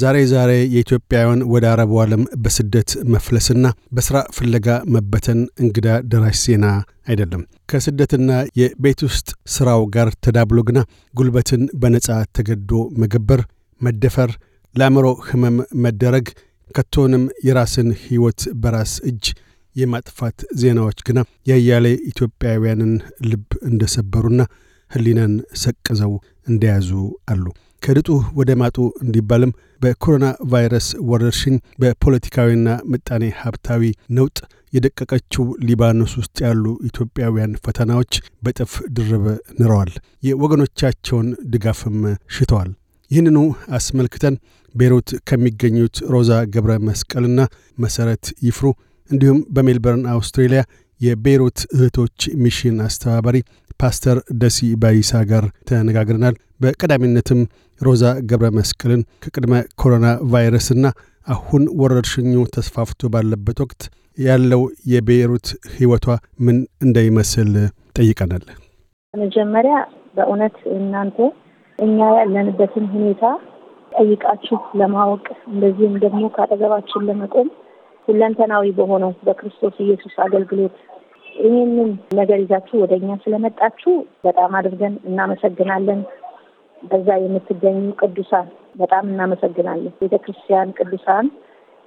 ዛሬ ዛሬ የኢትዮጵያውያን ወደ አረቡ ዓለም በስደት መፍለስና በሥራ ፍለጋ መበተን እንግዳ ደራሽ ዜና አይደለም። ከስደትና የቤት ውስጥ ሥራው ጋር ተዳብሎ ግና ጉልበትን በነጻ ተገዶ መገበር፣ መደፈር፣ ለአእምሮ ሕመም መደረግ፣ ከቶንም የራስን ሕይወት በራስ እጅ የማጥፋት ዜናዎች ግና ያያሌ ኢትዮጵያውያንን ልብ እንደሰበሩና ሕሊናን ሰቅዘው እንደያዙ አሉ። ከድጡ ወደ ማጡ እንዲባልም በኮሮና ቫይረስ ወረርሽኝ በፖለቲካዊና ምጣኔ ሀብታዊ ነውጥ የደቀቀችው ሊባኖስ ውስጥ ያሉ ኢትዮጵያውያን ፈተናዎች በጥፍ ድርብ ንረዋል። የወገኖቻቸውን ድጋፍም ሽተዋል። ይህንኑ አስመልክተን ቤይሩት ከሚገኙት ሮዛ ገብረ መስቀልና መሰረት ይፍሩ እንዲሁም በሜልበርን አውስትሬሊያ የቤይሩት እህቶች ሚሽን አስተባባሪ ፓስተር ደሲ ባይሳ ጋር ተነጋግረናል። በቀዳሚነትም ሮዛ ገብረ መስቀልን ከቅድመ ኮሮና ቫይረስና አሁን ወረርሽኙ ተስፋፍቶ ባለበት ወቅት ያለው የቤይሩት ህይወቷ ምን እንዳይመስል ጠይቀናል። መጀመሪያ በእውነት እናንተ እኛ ያለንበትን ሁኔታ ጠይቃችሁ ለማወቅ እንደዚሁም ደግሞ ከአጠገባችን ለመቆም ሁለንተናዊ በሆነው በክርስቶስ ኢየሱስ አገልግሎት ይህንን ነገር ይዛችሁ ወደ እኛ ስለመጣችሁ በጣም አድርገን እናመሰግናለን። በዛ የምትገኙ ቅዱሳን በጣም እናመሰግናለን። ቤተ ክርስቲያን ቅዱሳን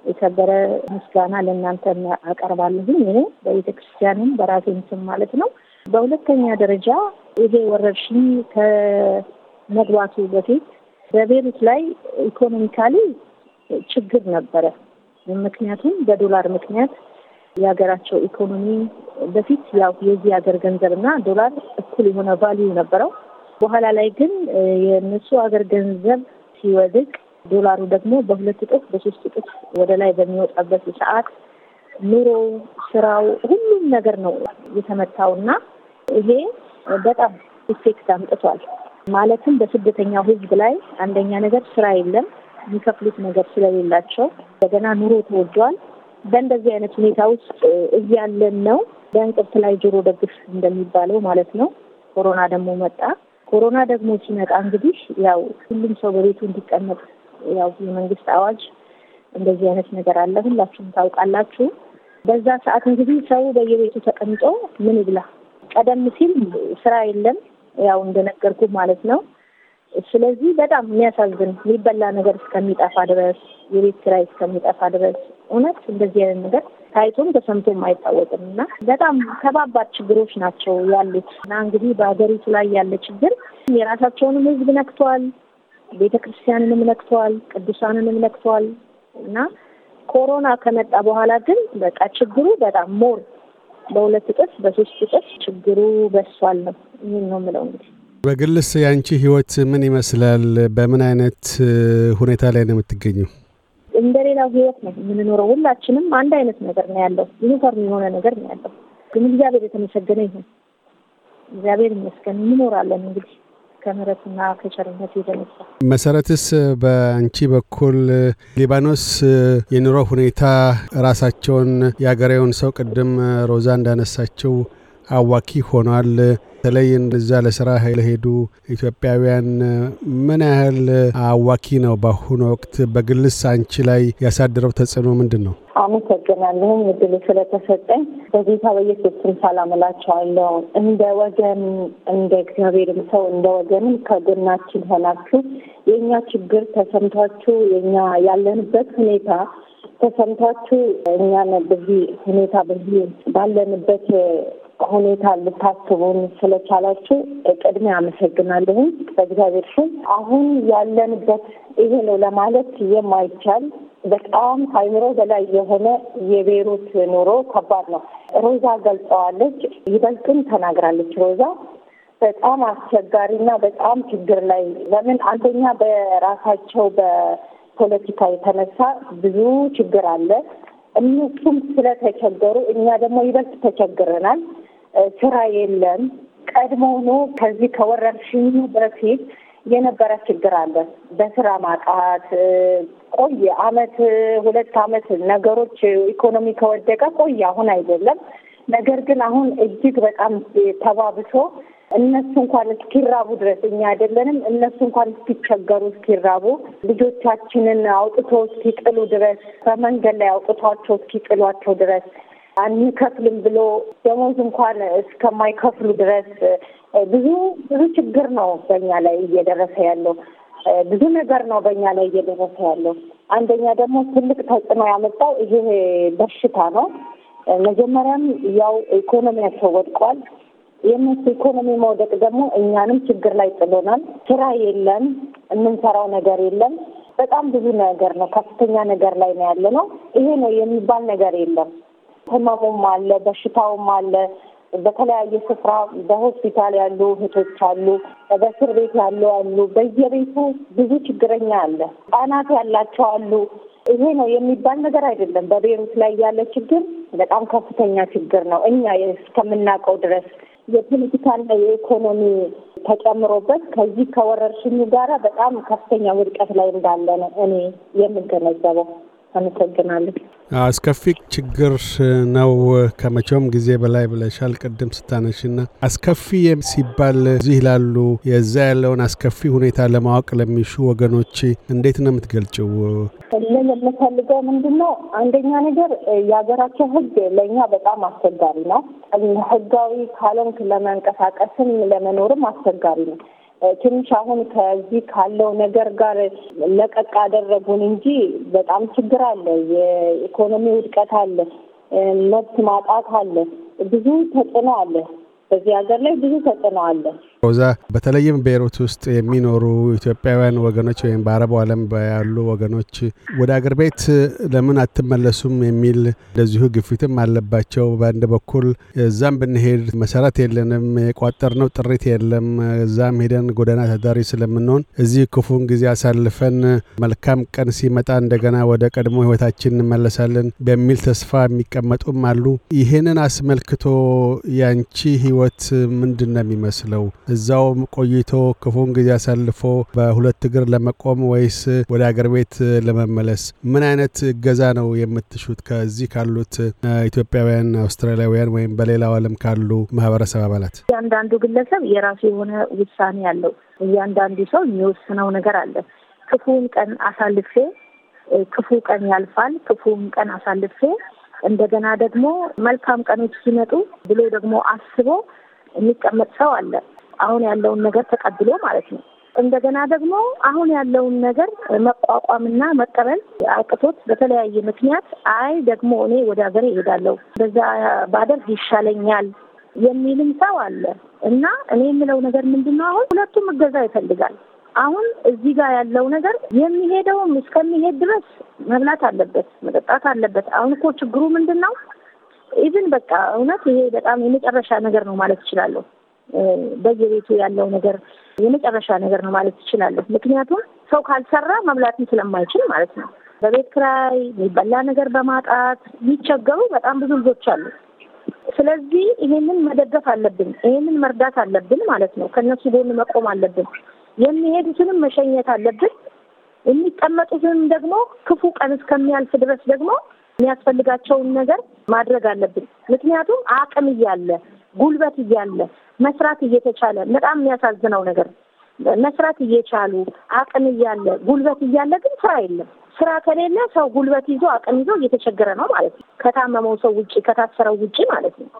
የከበረ ምስጋና ለእናንተ አቀርባለሁኝ። ይሄ በቤተ ክርስቲያንም በራሴን ስም ማለት ነው። በሁለተኛ ደረጃ ይሄ ወረርሽኝ ከመግባቱ በፊት በቤሩት ላይ ኢኮኖሚካሊ ችግር ነበረ። ምክንያቱም በዶላር ምክንያት የሀገራቸው ኢኮኖሚ በፊት ያው የዚህ ሀገር ገንዘብና ዶላር እኩል የሆነ ቫሊዩ ነበረው። በኋላ ላይ ግን የእነሱ ሀገር ገንዘብ ሲወድቅ ዶላሩ ደግሞ በሁለት እጥፍ በሶስት እጥፍ ወደ ላይ በሚወጣበት ሰዓት ኑሮ፣ ስራው፣ ሁሉም ነገር ነው የተመታው እና ይሄ በጣም ኢፌክት አምጥቷል። ማለትም በስደተኛው ህዝብ ላይ አንደኛ ነገር ስራ የለም፣ የሚከፍሉት ነገር ስለሌላቸው እንደገና ኑሮ ተወዷል። በእንደዚህ አይነት ሁኔታ ውስጥ እያለን ነው በእንቅርት ላይ ጆሮ ደግፍ እንደሚባለው ማለት ነው። ኮሮና ደግሞ መጣ። ኮሮና ደግሞ ሲመጣ እንግዲህ ያው ሁሉም ሰው በቤቱ እንዲቀመጥ ያው የመንግስት አዋጅ እንደዚህ አይነት ነገር አለ፣ ሁላችሁም ታውቃላችሁ። በዛ ሰዓት እንግዲህ ሰው በየቤቱ ተቀምጦ ምን ይብላ? ቀደም ሲል ስራ የለም ያው እንደነገርኩ ማለት ነው። ስለዚህ በጣም የሚያሳዝን የሚበላ ነገር እስከሚጠፋ ድረስ የቤት ኪራይ እስከሚጠፋ ድረስ እውነት እንደዚህ አይነት ነገር ታይቶም ተሰምቶም አይታወቅም እና በጣም ከባባድ ችግሮች ናቸው ያሉት እና እንግዲህ በሀገሪቱ ላይ ያለ ችግር የራሳቸውንም ህዝብ ነክተዋል፣ ቤተ ክርስቲያንንም ነክተዋል፣ ቅዱሳንንም ነክተዋል እና ኮሮና ከመጣ በኋላ ግን በቃ ችግሩ በጣም ሞር በሁለት እጥፍ በሶስት እጥፍ ችግሩ በሷል ነው። ይህን ነው የምለው እንግዲህ በግልስ ያንቺ ህይወት ምን ይመስላል? በምን አይነት ሁኔታ ላይ ነው የምትገኘው? እንደ ህይወት ነው የምንኖረው። ሁላችንም አንድ አይነት ነገር ነው ያለው፣ ዩኒፎርም የሆነ ነገር ነው ያለው። ግን እግዚአብሔር የተመሰገነ ይሁን፣ እግዚአብሔር ይመስገን እንኖራለን። እንግዲህ ከምህረትና ከቸርነት የተነሳ መሰረትስ፣ በአንቺ በኩል ሊባኖስ የኑሮ ሁኔታ ራሳቸውን የሀገሬውን ሰው ቅድም ሮዛ እንዳነሳቸው አዋኪ ሆኗል። በተለይ እንደዛ ለስራ ኃይል ሄዱ ኢትዮጵያውያን ምን ያህል አዋኪ ነው? በአሁኑ ወቅት በግልስ አንቺ ላይ ያሳደረው ተጽዕኖ ምንድን ነው? አመሰግናለሁም እድሉ ስለተሰጠኝ። በጌታ በኢየሱስም ሰላም እላቸዋለሁ። እንደ ወገን እንደ እግዚአብሔርም ሰው እንደ ወገንም ከጎናችን ሆናችሁ የእኛ ችግር ተሰምቷችሁ የኛ ያለንበት ሁኔታ ተሰምቷችሁ እኛ በዚህ ሁኔታ በዚህ ባለንበት ሁኔታ ልታስቡን ስለቻላችሁ ቅድሚያ አመሰግናለሁም በእግዚአብሔር ስም። አሁን ያለንበት ይሄ ነው ለማለት የማይቻል በጣም አይምሮ በላይ የሆነ የቤሩት ኑሮ ከባድ ነው። ሮዛ ገልጸዋለች፣ ይበልጥም ተናግራለች ሮዛ በጣም አስቸጋሪ እና በጣም ችግር ላይ ለምን አንደኛ በራሳቸው በፖለቲካ የተነሳ ብዙ ችግር አለ። እነሱም ስለተቸገሩ እኛ ደግሞ ይበልጥ ተቸግረናል። ስራ የለም። ቀድሞውኑ ከዚህ ከወረርሽኙ በፊት የነበረ ችግር አለ። በስራ ማጣት ቆየ። አመት ሁለት አመት ነገሮች ኢኮኖሚ ከወደቀ ቆየ። አሁን አይደለም። ነገር ግን አሁን እጅግ በጣም ተባብሶ እነሱ እንኳን እስኪራቡ ድረስ እኛ አይደለንም፣ እነሱ እንኳን እስኪቸገሩ እስኪራቡ፣ ልጆቻችንን አውጥቶ እስኪጥሉ ድረስ፣ በመንገድ ላይ አውጥቷቸው እስኪጥሏቸው ድረስ አንከፍልም ብሎ ደሞዝ እንኳን እስከማይከፍሉ ድረስ ብዙ ብዙ ችግር ነው በኛ ላይ እየደረሰ ያለው። ብዙ ነገር ነው በኛ ላይ እየደረሰ ያለው። አንደኛ ደግሞ ትልቅ ተጽዕኖ ያመጣው ይሄ በሽታ ነው። መጀመሪያም ያው ኢኮኖሚያቸው ወድቋል። የእነሱ ኢኮኖሚ መውደቅ ደግሞ እኛንም ችግር ላይ ጥሎናል። ስራ የለም፣ የምንሰራው ነገር የለም። በጣም ብዙ ነገር ነው፣ ከፍተኛ ነገር ላይ ነው ያለ ነው። ይሄ ነው የሚባል ነገር የለም። ህመሙም አለ፣ በሽታውም አለ። በተለያየ ስፍራ በሆስፒታል ያሉ እህቶች አሉ፣ በእስር ቤት ያሉ አሉ። በየቤቱ ብዙ ችግረኛ አለ፣ ህጻናት ያላቸው አሉ። ይሄ ነው የሚባል ነገር አይደለም። በቤሩት ላይ ያለ ችግር በጣም ከፍተኛ ችግር ነው። እኛ እስከምናውቀው ድረስ የፖለቲካና የኢኮኖሚ ተጨምሮበት ከዚህ ከወረርሽኙ ጋራ በጣም ከፍተኛ ውድቀት ላይ እንዳለ ነው እኔ የምገነዘበው። አመሰግናለሁ። አስከፊ ችግር ነው ከመቼውም ጊዜ በላይ ብለሻል። ቅድም ስታነሽና አስከፊ ሲባል እዚህ ላሉ የዛ ያለውን አስከፊ ሁኔታ ለማወቅ ለሚሹ ወገኖች እንዴት ነው የምትገልጭው? የምፈልገው ምንድን ነው አንደኛ ነገር የሀገራቸው ሕግ ለእኛ በጣም አስቸጋሪ ነው። ሕጋዊ ካልሆንክ ለመንቀሳቀስም ለመኖርም አስቸጋሪ ነው። ትንሽ አሁን ከዚህ ካለው ነገር ጋር ለቀቅ አደረጉን እንጂ በጣም ችግር አለ። የኢኮኖሚ ውድቀት አለ። መብት ማጣት አለ። ብዙ ተጽዕኖ አለ። በዚህ ሀገር ላይ ብዙ ተጽዕኖ አለ። ሮዛ፣ በተለይም ቤይሩት ውስጥ የሚኖሩ ኢትዮጵያውያን ወገኖች ወይም በአረቡ ዓለም ያሉ ወገኖች ወደ አገር ቤት ለምን አትመለሱም የሚል እንደዚሁ ግፊትም አለባቸው። በአንድ በኩል እዛም ብንሄድ መሰረት የለንም፣ የቋጠርነው ጥሪት የለም፣ እዛም ሄደን ጎዳና ተዳሪ ስለምንሆን እዚህ ክፉን ጊዜ አሳልፈን መልካም ቀን ሲመጣ እንደገና ወደ ቀድሞ ህይወታችን እንመለሳለን በሚል ተስፋ የሚቀመጡም አሉ። ይህንን አስመልክቶ ያንቺ ህይወት ምንድን ነው የሚመስለው? እዛውም ቆይቶ ክፉን ጊዜ አሳልፎ በሁለት እግር ለመቆም ወይስ ወደ አገር ቤት ለመመለስ? ምን አይነት እገዛ ነው የምትሹት ከዚህ ካሉት ኢትዮጵያውያን፣ አውስትራሊያውያን ወይም በሌላው ዓለም ካሉ ማህበረሰብ አባላት? እያንዳንዱ ግለሰብ የራሱ የሆነ ውሳኔ አለው። እያንዳንዱ ሰው የሚወስነው ነገር አለ። ክፉን ቀን አሳልፌ ክፉ ቀን ያልፋል፣ ክፉን ቀን አሳልፌ እንደገና ደግሞ መልካም ቀኖች ሲመጡ ብሎ ደግሞ አስቦ የሚቀመጥ ሰው አለ። አሁን ያለውን ነገር ተቀብሎ ማለት ነው። እንደገና ደግሞ አሁን ያለውን ነገር መቋቋምና መቀበል አቅቶት በተለያየ ምክንያት አይ ደግሞ እኔ ወደ ሀገር እሄዳለሁ በዛ ባደርግ ይሻለኛል የሚልም ሰው አለ እና እኔ የምለው ነገር ምንድን ነው አሁን ሁለቱም እገዛ ይፈልጋል። አሁን እዚህ ጋር ያለው ነገር የሚሄደውም እስከሚሄድ ድረስ መብላት አለበት፣ መጠጣት አለበት። አሁን እኮ ችግሩ ምንድን ነው? ኢቭን በቃ እውነት ይሄ በጣም የመጨረሻ ነገር ነው ማለት እችላለሁ። በየቤቱ ያለው ነገር የመጨረሻ ነገር ነው ማለት እችላለሁ። ምክንያቱም ሰው ካልሰራ መብላትን ስለማይችል ማለት ነው። በቤት ክራይ የሚበላ ነገር በማጣት የሚቸገሩ በጣም ብዙ ልጆች አሉ። ስለዚህ ይሄንን መደገፍ አለብን፣ ይሄንን መርዳት አለብን ማለት ነው። ከእነሱ ጎን መቆም አለብን። የሚሄዱትንም መሸኘት አለብን። የሚቀመጡትንም ደግሞ ክፉ ቀን እስከሚያልፍ ድረስ ደግሞ የሚያስፈልጋቸውን ነገር ማድረግ አለብን። ምክንያቱም አቅም እያለ ጉልበት እያለ መስራት እየተቻለ በጣም የሚያሳዝነው ነገር መስራት እየቻሉ አቅም እያለ ጉልበት እያለ ግን ስራ የለም። ስራ ከሌለ ሰው ጉልበት ይዞ አቅም ይዞ እየተቸገረ ነው ማለት ነው። ከታመመው ሰው ውጭ ከታሰረው ውጭ ማለት ነው።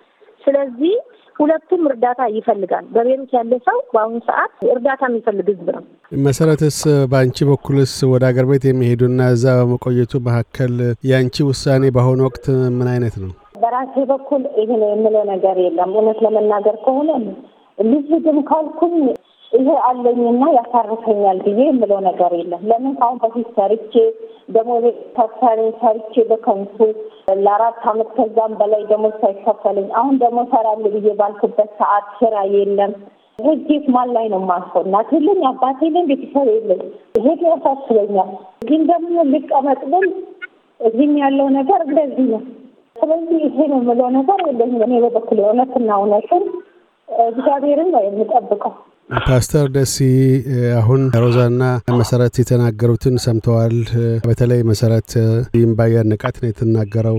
ስለዚህ ሁለቱም እርዳታ ይፈልጋል። በቤሩት ያለ ሰው በአሁኑ ሰዓት እርዳታ የሚፈልግ ህዝብ ነው። መሰረትስ በአንቺ በኩልስ ወደ አገር ቤት የሚሄዱና እዛ በመቆየቱ መካከል የአንቺ ውሳኔ በአሁኑ ወቅት ምን አይነት ነው? በራሴ በኩል ይህ የምለው ነገር የለም። እውነት ለመናገር ከሆነ ልጅግም ካልኩኝ ይሄ አለኝና ያሳርፈኛል ብዬ የምለው ነገር የለም። ለምን ከአሁን በፊት ሰርቼ ደግሞ ታሳሪ ሰርቼ በከንቱ ለአራት አመት ከዛም በላይ ደግሞ ሳይከፈለኝ አሁን ደግሞ ሰራል ብዬ ባልኩበት ሰዓት ስራ የለም። ህጌት ማን ላይ ነው ማልፈው? እናት የለኝ፣ አባት የለኝ፣ ቤተሰብ የለኝ። ይሄ ያሳስበኛል። ግን ደግሞ ልቀመጥ ብል እዚህም ያለው ነገር እንደዚህ ነው። ስለዚህ ይሄ ነው የምለው ነገር የለኝም። እኔ በበኩል እውነትና እውነትን እግዚአብሔርን ነው የምጠብቀው። ፓስተር ደሲ አሁን ሮዛና መሰረት የተናገሩትን ሰምተዋል። በተለይ መሰረት ይምባያ ንቃት ነው የተናገረው።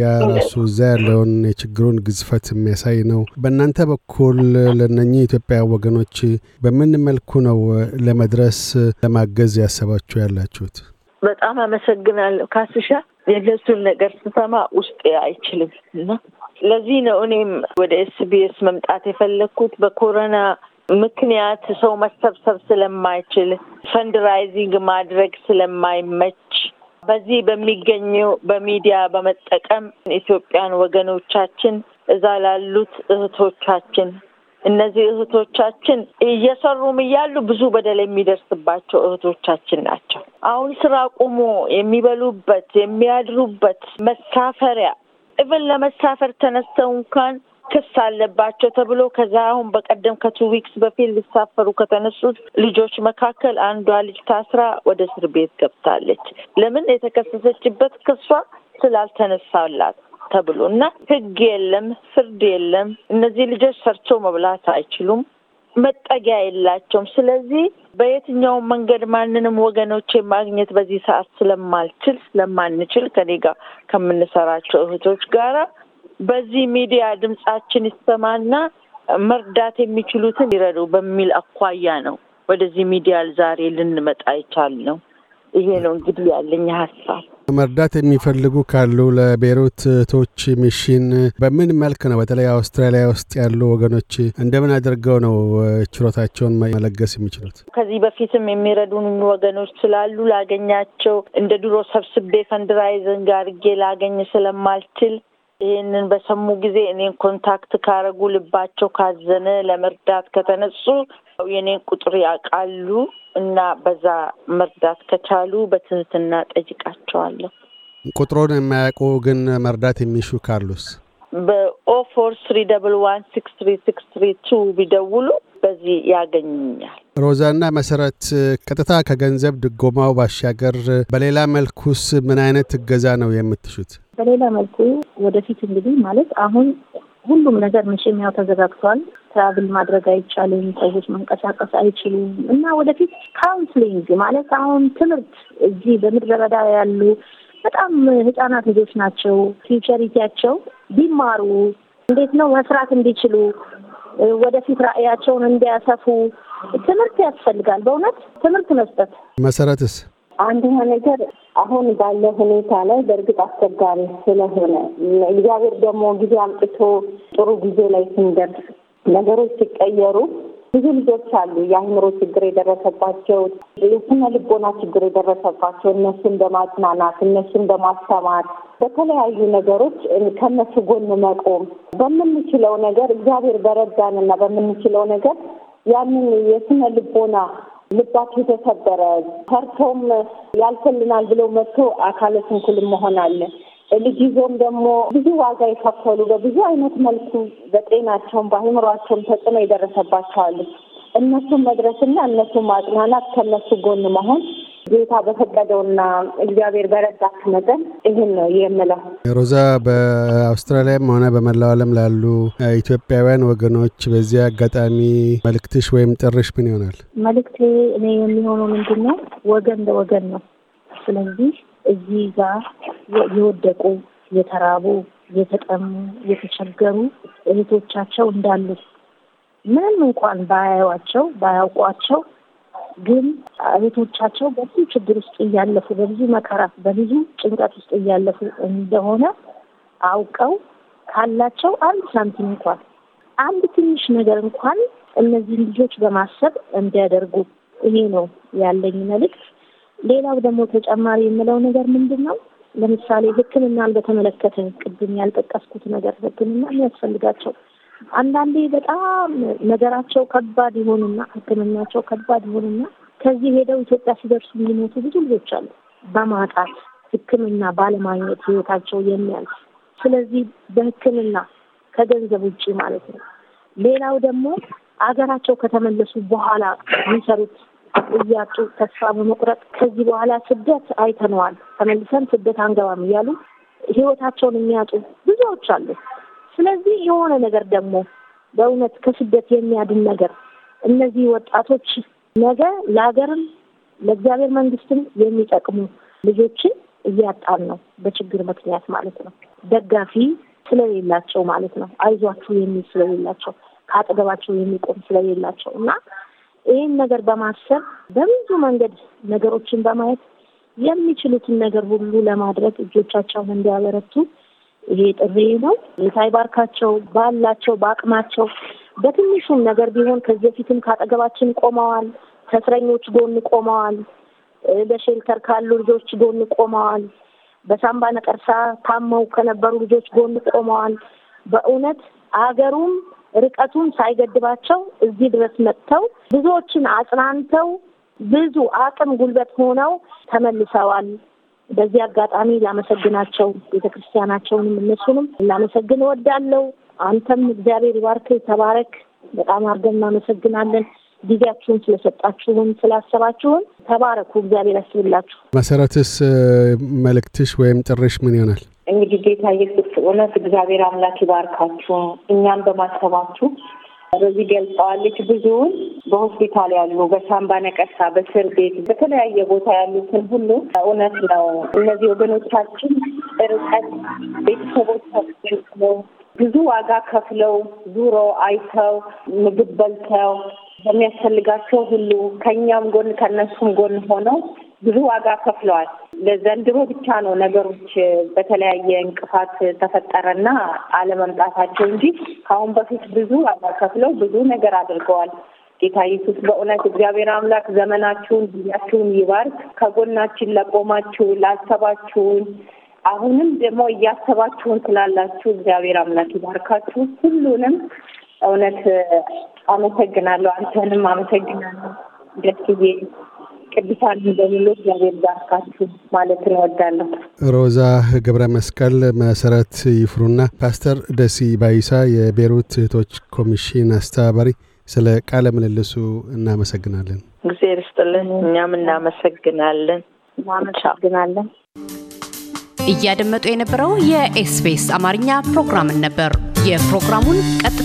ያ ራሱ እዛ ያለውን የችግሩን ግዝፈት የሚያሳይ ነው። በእናንተ በኩል ለነኚህ ኢትዮጵያ ወገኖች በምን መልኩ ነው ለመድረስ ለማገዝ ያሰባችሁ ያላችሁት? በጣም አመሰግናለሁ ካስሻ። የእነሱን ነገር ስሰማ ውስጤ አይችልም እና ለዚህ ነው እኔም ወደ ኤስቢኤስ መምጣት የፈለግኩት በኮሮና ምክንያት ሰው መሰብሰብ ስለማይችል ፈንድራይዚንግ ማድረግ ስለማይመች በዚህ በሚገኘው በሚዲያ በመጠቀም ኢትዮጵያን ወገኖቻችን እዛ ላሉት እህቶቻችን እነዚህ እህቶቻችን እየሰሩም እያሉ ብዙ በደል የሚደርስባቸው እህቶቻችን ናቸው። አሁን ስራ ቆሞ የሚበሉበት የሚያድሩበት መሳፈሪያ ኢቭን ለመሳፈር ተነስተው እንኳን ክስ አለባቸው ተብሎ ከዛ አሁን በቀደም ከቱ ዊክስ በፊት ሊሳፈሩ ከተነሱት ልጆች መካከል አንዷ ልጅ ታስራ ወደ እስር ቤት ገብታለች። ለምን የተከሰሰችበት ክሷ ስላልተነሳላት ተብሎ እና ህግ የለም፣ ፍርድ የለም። እነዚህ ልጆች ሰርቸው መብላት አይችሉም፣ መጠጊያ የላቸውም። ስለዚህ በየትኛውም መንገድ ማንንም ወገኖቼ ማግኘት በዚህ ሰዓት ስለማልችል ስለማንችል ከኔ ጋር ከምንሰራቸው እህቶች ጋራ በዚህ ሚዲያ ድምጻችን ይሰማና መርዳት የሚችሉትን ይረዱ በሚል አኳያ ነው ወደዚህ ሚዲያ ዛሬ ልንመጣ ይቻል ነው። ይሄ ነው እንግዲህ ያለኝ ሀሳብ። መርዳት የሚፈልጉ ካሉ ለቤይሩት እህቶች ሚሽን በምን መልክ ነው በተለይ አውስትራሊያ ውስጥ ያሉ ወገኖች እንደምን አድርገው ነው ችሮታቸውን መለገስ የሚችሉት? ከዚህ በፊትም የሚረዱን ወገኖች ስላሉ ላገኛቸው እንደ ድሮ ሰብስቤ ፈንድራይዘንግ አድርጌ ላገኝ ስለማልችል ይህንን በሰሙ ጊዜ እኔን ኮንታክት ካረጉ፣ ልባቸው ካዘነ፣ ለመርዳት ከተነሱ የኔን ቁጥር ያውቃሉ እና በዛ መርዳት ከቻሉ በትህትና ጠይቃቸዋለሁ። ቁጥሩን የማያውቁ ግን መርዳት የሚሹ ካሉስ በኦ ፎር ስሪ ደብል ዋን ሲክስ ትሪ ሲክስ ትሪ ቱ ቢደውሉ በዚህ ያገኙኛል። ሮዛና መሰረት፣ ቀጥታ ከገንዘብ ድጎማው ባሻገር በሌላ መልኩስ ምን አይነት እገዛ ነው የምትሹት? በሌላ መልኩ ወደፊት እንግዲህ ማለት አሁን ሁሉም ነገር መቼም ያው ተዘጋግቷል። ትራቭል ማድረግ አይቻልም፣ ሰዎች መንቀሳቀስ አይችሉም እና ወደፊት ካውንስሊንግ ማለት አሁን ትምህርት እዚህ በምድረ በዳ ያሉ በጣም ህጻናት ልጆች ናቸው። ፊውቸሪቲያቸው ቢማሩ እንዴት ነው መስራት እንዲችሉ ወደፊት ራዕያቸውን እንዲያሰፉ ትምህርት ያስፈልጋል። በእውነት ትምህርት መስጠት መሰረትስ አንደኛ ነገር አሁን ባለ ሁኔታ ላይ በእርግጥ አስቸጋሪ ስለሆነ እግዚአብሔር ደግሞ ጊዜ አምጥቶ ጥሩ ጊዜ ላይ ስንደርስ ነገሮች ሲቀየሩ ብዙ ልጆች አሉ የአእምሮ ችግር የደረሰባቸው፣ የስነ ልቦና ችግር የደረሰባቸው እነሱን በማጽናናት እነሱን በማስተማር በተለያዩ ነገሮች ከነሱ ጎን መቆም በምንችለው ነገር እግዚአብሔር በረዳንና በምንችለው ነገር ያንን የስነ ልቦና ልባቸው የተሰበረ ፈርቶም ያልፈልናል ብለው መጥቶ አካለ ስንኩልም መሆን አለ ልጅ ይዞም ደግሞ ብዙ ዋጋ የከፈሉ በብዙ አይነት መልኩ በጤናቸውም በአእምሯቸውም ተጽዕኖ የደረሰባቸዋሉ። እነሱን መድረስና እነሱን ማጽናናት ከነሱ ጎን መሆን ጌታ በፈቀደውና እግዚአብሔር በረዳት መጠን ይህን ነው የምለው። ሮዛ፣ በአውስትራሊያም ሆነ በመላው ዓለም ላሉ ኢትዮጵያውያን ወገኖች በዚህ አጋጣሚ መልእክትሽ ወይም ጥርሽ ምን ይሆናል? መልእክቴ እኔ የሚሆነው ምንድን ነው? ወገን ለወገን ነው። ስለዚህ እዚህ ጋር የወደቁ የተራቡ፣ የተጠሙ፣ የተቸገሩ እህቶቻቸው እንዳሉ ምንም እንኳን ባያዩዋቸው ባያውቋቸው ግን እህቶቻቸው በብዙ ችግር ውስጥ እያለፉ በብዙ መከራ በብዙ ጭንቀት ውስጥ እያለፉ እንደሆነ አውቀው ካላቸው አንድ ሳንቲም እንኳን አንድ ትንሽ ነገር እንኳን እነዚህ ልጆች በማሰብ እንዲያደርጉ ይሄ ነው ያለኝ መልእክት። ሌላው ደግሞ ተጨማሪ የምለው ነገር ምንድን ነው? ለምሳሌ ሕክምናን በተመለከተ ቅድም ያልጠቀስኩት ነገር ሕክምና የሚያስፈልጋቸው አንዳንዴ በጣም ነገራቸው ከባድ ይሆንና ሕክምናቸው ከባድ ይሆንና ከዚህ ሄደው ኢትዮጵያ ሲደርሱ የሚሞቱ ብዙ ልጆች አሉ በማጣት ሕክምና ባለማግኘት ህይወታቸው የሚያልፍ ስለዚህ በሕክምና ከገንዘብ ውጭ ማለት ነው። ሌላው ደግሞ አገራቸው ከተመለሱ በኋላ የሚሰሩት እያጡ ተስፋ በመቁረጥ ከዚህ በኋላ ስደት አይተነዋል፣ ተመልሰን ስደት አንገባም እያሉ ህይወታቸውን የሚያጡ ብዙዎች አሉ። ስለዚህ የሆነ ነገር ደግሞ በእውነት ከስደት የሚያድን ነገር እነዚህ ወጣቶች ነገ ለሀገርም ለእግዚአብሔር መንግስትም የሚጠቅሙ ልጆችን እያጣን ነው፣ በችግር ምክንያት ማለት ነው። ደጋፊ ስለሌላቸው ማለት ነው። አይዟችሁ የሚል ስለሌላቸው፣ ከአጠገባቸው የሚቆም ስለሌላቸው እና ይህን ነገር በማሰብ በብዙ መንገድ ነገሮችን በማየት የሚችሉትን ነገር ሁሉ ለማድረግ እጆቻቸውን እንዲያበረቱ ይሄ ጥሪ ነው። የታይባርካቸው ባላቸው በአቅማቸው በትንሹም ነገር ቢሆን ከዚህ በፊትም ከአጠገባችን ቆመዋል። ከእስረኞች ጎን ቆመዋል። በሼልተር ካሉ ልጆች ጎን ቆመዋል። በሳምባ ነቀርሳ ታመው ከነበሩ ልጆች ጎን ቆመዋል። በእውነት አገሩም ርቀቱን ሳይገድባቸው እዚህ ድረስ መጥተው ብዙዎችን አጽናንተው ብዙ አቅም ጉልበት ሆነው ተመልሰዋል። በዚህ አጋጣሚ ላመሰግናቸው ቤተክርስቲያናቸውን እነሱንም ላመሰግን እወዳለሁ። አንተም እግዚአብሔር ይባርክ፣ ተባረክ። በጣም አድርገን እናመሰግናለን። ጊዜያችሁን ስለሰጣችሁን ስላሰባችሁን ተባረኩ። እግዚአብሔር ያስብላችሁ። መሰረትስ መልእክትሽ ወይም ጥሪሽ ምን ይሆናል? እንግዲህ ጌታ ኢየሱስ እውነት እግዚአብሔር አምላክ ይባርካችሁ፣ እኛም በማሰባችሁ በዚህ ገልጸዋለች። ብዙውን በሆስፒታል ያሉ በሳምባ ነቀርሳ፣ በእስር ቤት፣ በተለያየ ቦታ ያሉትን ሁሉ እውነት ነው እነዚህ ወገኖቻችን ርቀት ቤተሰቦቻችን ብዙ ዋጋ ከፍለው ዙሮ አይተው ምግብ በልተው በሚያስፈልጋቸው ሁሉ ከእኛም ጎን ከእነሱም ጎን ሆነው ብዙ ዋጋ ከፍለዋል። ለዘንድሮ ብቻ ነው ነገሮች በተለያየ እንቅፋት ተፈጠረና አለመምጣታቸው እንጂ ከአሁን በፊት ብዙ ዋጋ ከፍለው ብዙ ነገር አድርገዋል። ጌታ ኢየሱስ በእውነት እግዚአብሔር አምላክ ዘመናችሁን ጊዜያችሁን ይባርክ። ከጎናችን ለቆማችሁ ላሰባችሁን አሁንም ደግሞ እያሰባችሁን ስላላችሁ እግዚአብሔር አምላክ ይባርካችሁ። ሁሉንም እውነት አመሰግናለሁ። አንተንም አመሰግናለሁ ደስ ቅዱሳን በሚሉ እግዚአብሔር ባርካችሁ ማለት እንወዳለሁ። ሮዛ ገብረ መስቀል፣ መሰረት ይፍሩና ፓስተር ደሲ ባይሳ የቤሩት እህቶች ኮሚሽን አስተባባሪ፣ ስለ ቃለ ምልልሱ እናመሰግናለን። እግዚአብሔር ይስጥልን። እኛም እናመሰግናለን እናመሰግናለን። እያደመጡ የነበረው የኤስቢኤስ አማርኛ ፕሮግራምን ነበር። የፕሮግራሙን ቀ